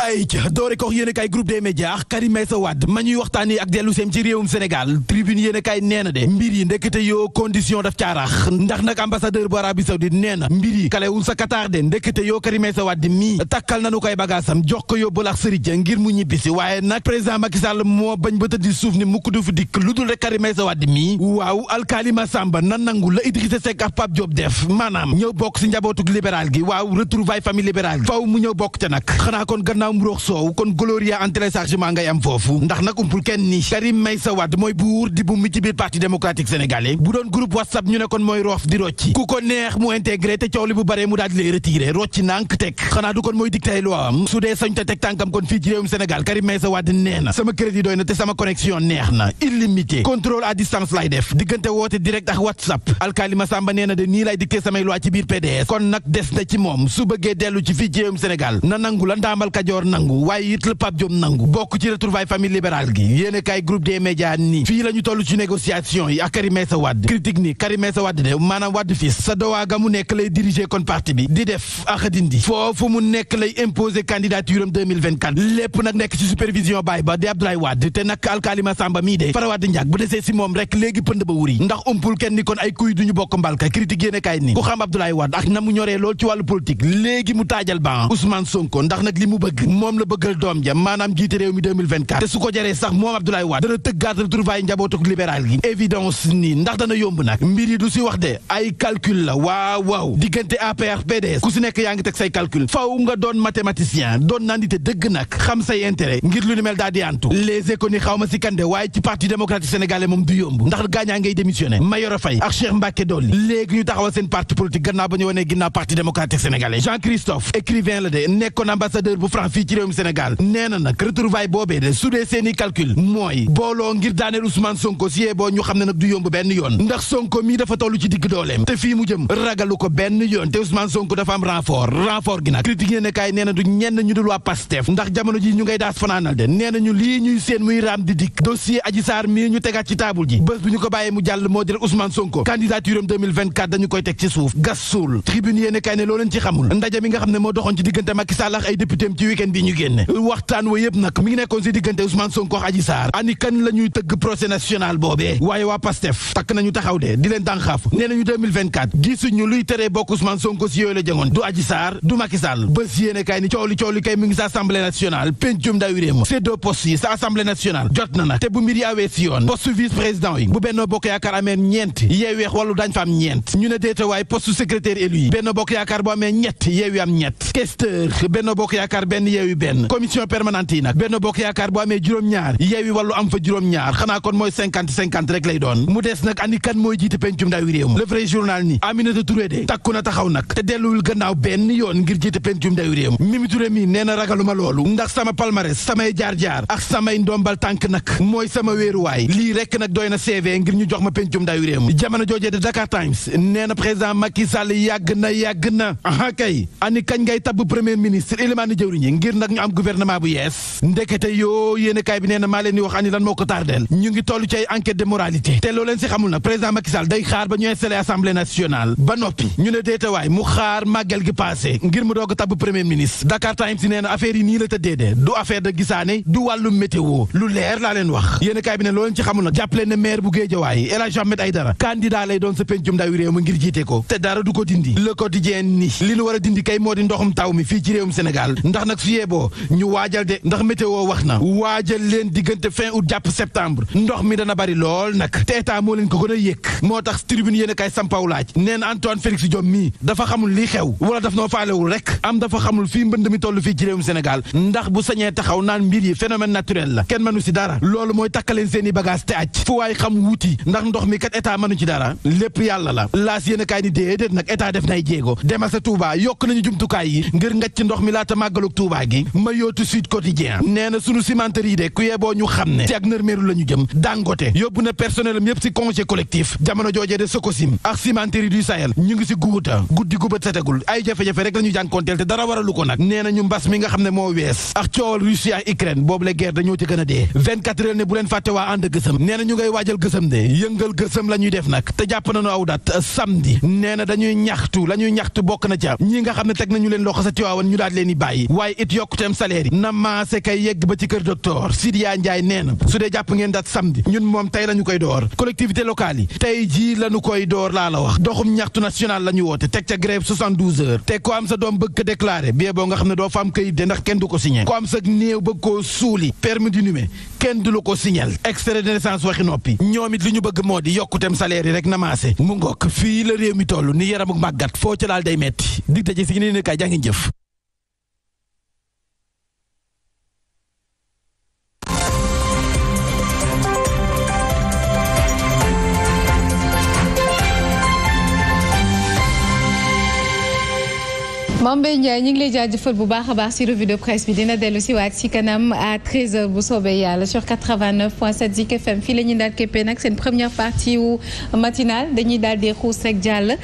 ay ca doore kox yéen a kaay groupe des médias Karim Meïssa Wade ma ñuy waxtaani ak dellu seem ci réewum Sénégal tribune yéen a kaay nee de mbir ndekete yoo condition daf caaraax ndax nag ambassadeur bu Arabie Saoudite nee na mbir yi sa Qatar de ndekete yoo Karim Meïssa Wade mii takkal nanu koy bagaasam jox ko yo ak sërija ngir mu ñibbisi waaye nag président Macky Sall moo bañ ba tëddi suuf ni mukk du fi dikk lu dul rek Karim Meïssa Wade mii waaw Samba na nangu la Idrissa Seck maanaam ñëw bokk si njabootug libéral gi waaw retrouvaille famille libérale faw bokk te nag ginnaaw mburox soow kon Gloria en téléchargement ngay am foofu ndax nag umpul kenn ni Karim Meïssa Wade mooy buur di bu mi ci biir parti démocratique sénégalais bu doon groupe whatsapp ñu ne kon mooy roof di rocci ku ko neex mu intégré te coow li bu baree mu daal di rocci nànk teg xanaa du kon mooy dicté loi am su dee sañ te tànkam kon fii ci réewum Sénégal Karim Meïssa Wade nee na sama crédit doy na te sama connexion neex na illimité contrôle Senghor nangu waaye it la Pape Diop nangu bokk ci retrouvaille famille libérale gi yéene kaay groupe des médias nii fii la ñu ci négociation yi ak Karim Meïssa Wade critique ni Karim Meïssa Wade de maanaam Wade fils sa dowaa ga mu nekk lay diriger kon parti bi di def ak dindi foofu mu nekk lay imposer candidature lépp nag nekk ci supervision baay ba di Abdoulaye Wade te nag alkaalima Samba mii de Fara Wade Ndiak bu desee si moom rek léegi pënd ba wuri ndax umpul kenn moom la bëggal doom ja maanaam jiite réew mi 2024 te su ko jaree sax moom Abdoulaye Wade dana tëggaat retrouvailles njabootuk libéral gi évidence nii ndax dana yomb nag mbir yi du si wax de ay calcul la waaw waaw diggante APR PDS ku si nekk yaa ngi teg say calcul faw nga doon mathématicien doon nandite dëgg nag xam say intérêt ngir lu ni mel daa di antu les économies xaw ma si kande waaye ci parti démocratique sénégalais moom du yomb ndax gaañaa ngay démissionné fii ci réewum Sénégal ndax jamono ji ñu ngay daas fanaanal de nee ñu lii ñuy seen muy raam di dikk dossier Adji mii ñu tegaat ci taabul ji bés bu ñu ko bàyyee mu jàll moo di Ousmane Sonko candidature am dañu koy teg ci suuf gas tribune yéen ne loo ci xamul ndaje mi nga xam ne moo doxoon ci diggante Macky Sall ak ay députéem ci week bi ñu génne waxtaan wa yëpp nag mi ngi nekkoon si diggante Ousmane Sonko ak Adji Sarr ani kan la tëgg procès national boobee waaye waa Pastef takk nañu taxaw de di leen dànxaaf nee nañu 2024 gisuñu luy teree bokk Ousmane Sonko si yooyu la jëngoon du Adji Sarr du Macky Sall bés yéene ni coow li coow li kay mi ngi sa assemblée nationale pencum ndawi réew ma ces yi sa assemblée nationale jot na nag te bu mbir yi awee si yoon poste vice président yeewi benn commission permanente yi nag benn bokk yaakaar bu amee juróom-ñaar yeewi wàllu am fa juróom-ñaar xanaa kon mooy cinquante cinquante rek lay doon mu des nag ani kan mooy jiite pencum ndawi réew mi le journal ni Aminata Touré de takku na taxaw nag te delluwul gannaaw benn yoon ngir jiite pencum ndawi réew mi Mimi Touré mi nee na ragaluma loolu ndax sama palmarès samay jaar-jaar ak samay ndombal tànk nag mooy sama weeruwaay lii rek nag doy na CV ngir ñu jox ma pencum ndawi réew mi jamono joojee de Dakar Times nee na président Macky Sall yàgg na yàgg na aha kay ani kañ ngay tabb premier ministre ngir nag am gouvernement bu yees ndekete yoo yéen bi nee na maa leen di wax ani lan moo ko tardeel ñu ngi toll ci ay enquête de moralité te loo leen si xamul nag président Macky Sall day xaar ba ñu installé assemblée nationale ba noppi ñu ne déetewaay mu xaar màggal gi passé ngir mu doog a tabb premier ministre Dakar Times nee na affaire yi nii la tëddee de du affaire de gisaane du wàllu météo lu leer laa leen wax yéen bi ne loo leen ci xamul nag jàpp leen ne maire bu Guédiawaye ko dindi le li nu war a dindi kay moo di ndoxum taw mi fii ci réewum Sénégal ndax nag su yeboo ñu waajal de ndax météo wax na waajal leen diggante fin août jàpp septembre ndox mi dana bari lool nag te état moo leen ko gën a yëg moo tax tribune yéen a kay sampaw laaj neen Antoine Félix Diome mii dafa xamul lii xew wala daf noo faalewul rek am dafa xamul fii mbënd mi toll fii ci réewum Sénégal ndax bu sañee taxaw naan mbir yi phénomène naturel la kenn mënu si dara loolu mooy takkaleen seen i bagage te aj fu waay xam wuti ndax ndox mi kat état mënu ci dara lépp yàlla la laas a kaay ni déedéet nag état def nay jéego tuubaa gi ma yootu Sud Quotidien nee na sunu cimenterie yi de ku yeboo ñu xam ne ci ak nërmeeru la ñu jëm Dangote yóbbu na personnel am yépp ci congé collectif jamono joojee de Sokosim ak cimenterie du Sahel ñu ngi si guuta guddi gu bët setagul ay jafe-jafe rek la ñu jànkoonteel te dara waralu ko nag nee na ñu mbas mi nga xam ne moo wees ak coowal Russie ak Ukraine boobu la guerre dañoo ci gën a dee 24 heures ne bu leen fàtte waa ànd gësëm nee na ñu ngay waajal gësëm de yëngal gësëm la ñuy def nag te jàpp euh, la ñuy ñaxtu bokk na ca ñi nga xam ne teg nañu leen loxo sa leen di bàyyi it yokkuteem salaire yi na maase kay yegg ba ci kër docteur Sidiya Ndiaye nee na su dee jàpp ngeen dat samedi ñun moom tey la ñu koy door collectivité locale yi tey jii la ñu koy door laa la wax doxum ñaxtu national la ñu woote teg ca grève 72 heures te ko am sa doom bëgg ko déclaré bie boo nga xam ne doo fa am kayit de ndax kenn du ko signé ko am sa néew bëgg koo suuli permis d'inhumer kenn du la ko signal extrait de naissance waxi noppi ñoom it li ñu bëgg moo di yokkuteem salaire rek na maase fii la mi toll ni yaram ak foo ca laal day metti dig daje si ne kay jàngi jëf Mame Mbaye ñu ngi lay jaajëfal bu baax a baax ci revue de presse bi dina dellu si waat ci kanam à 13h bu soobee yàlla sur 89.7 Zik FM fii la ñuy daal képpee nag seen première partie wu matinale dañuy daal di xuus rek jàll.